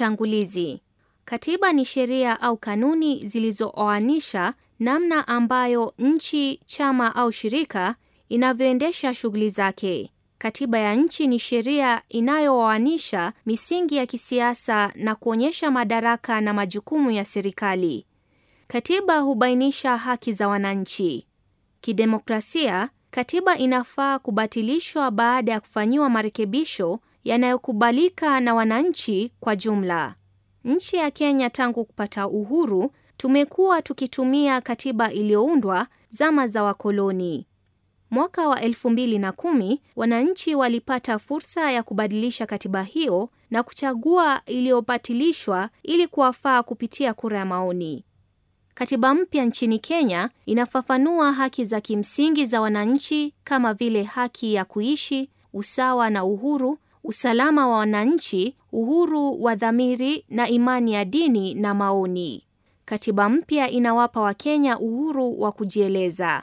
Utangulizi. Katiba ni sheria au kanuni zilizooanisha namna ambayo nchi, chama au shirika inavyoendesha shughuli zake. Katiba ya nchi ni sheria inayooanisha misingi ya kisiasa na kuonyesha madaraka na majukumu ya serikali. Katiba hubainisha haki za wananchi. Kidemokrasia, katiba inafaa kubatilishwa baada ya kufanyiwa marekebisho yanayokubalika na wananchi kwa jumla. Nchi ya Kenya tangu kupata uhuru, tumekuwa tukitumia katiba iliyoundwa zama za wakoloni. Mwaka wa 2010 wananchi walipata fursa ya kubadilisha katiba hiyo na kuchagua iliyobatilishwa ili kuwafaa kupitia kura ya maoni. Katiba mpya nchini Kenya inafafanua haki za kimsingi za wananchi kama vile haki ya kuishi, usawa na uhuru usalama wa wananchi, uhuru wa dhamiri na imani ya dini na maoni. Katiba mpya inawapa Wakenya uhuru wa kujieleza.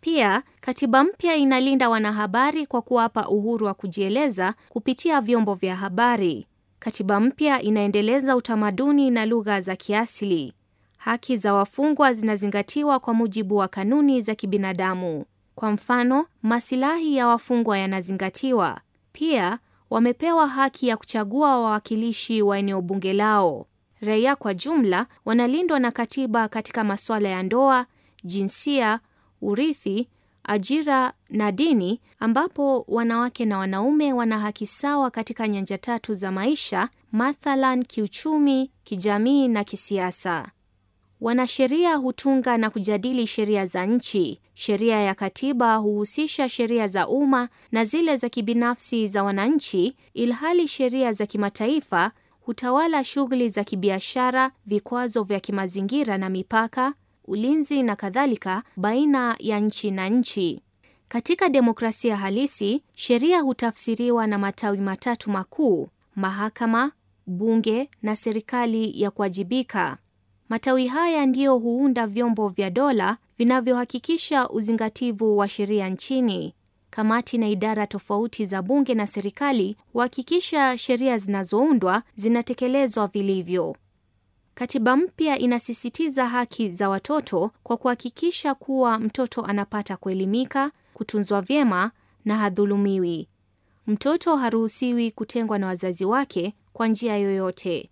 Pia katiba mpya inalinda wanahabari kwa kuwapa uhuru wa kujieleza kupitia vyombo vya habari. Katiba mpya inaendeleza utamaduni na lugha za kiasili. Haki za wafungwa zinazingatiwa kwa mujibu wa kanuni za kibinadamu. Kwa mfano, masilahi ya wafungwa yanazingatiwa. Pia wamepewa haki ya kuchagua wawakilishi wa eneo bunge lao. Raia kwa jumla wanalindwa na katiba katika masuala ya ndoa, jinsia, urithi, ajira na dini, ambapo wanawake na wanaume wana haki sawa katika nyanja tatu za maisha, mathalan kiuchumi, kijamii na kisiasa. Wanasheria hutunga na kujadili sheria za nchi. Sheria ya katiba huhusisha sheria za umma na zile za kibinafsi za wananchi, ilhali sheria za kimataifa hutawala shughuli za kibiashara, vikwazo vya kimazingira na mipaka, ulinzi na kadhalika, baina ya nchi na nchi. Katika demokrasia halisi, sheria hutafsiriwa na matawi matatu makuu: mahakama, bunge na serikali ya kuwajibika. Matawi haya ndiyo huunda vyombo vya dola vinavyohakikisha uzingativu wa sheria nchini. Kamati na idara tofauti za bunge na serikali huhakikisha sheria zinazoundwa zinatekelezwa vilivyo. Katiba mpya inasisitiza haki za watoto kwa kuhakikisha kuwa mtoto anapata kuelimika, kutunzwa vyema na hadhulumiwi. Mtoto haruhusiwi kutengwa na wazazi wake kwa njia yoyote.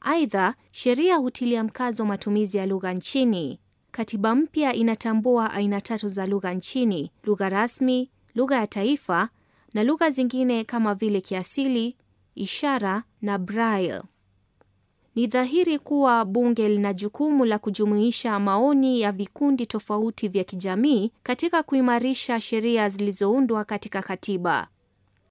Aidha, sheria hutilia mkazo matumizi ya lugha nchini. Katiba mpya inatambua aina tatu za lugha nchini: lugha rasmi, lugha ya taifa na lugha zingine kama vile kiasili, ishara na Braille. Ni dhahiri kuwa bunge lina jukumu la kujumuisha maoni ya vikundi tofauti vya kijamii katika kuimarisha sheria zilizoundwa katika katiba.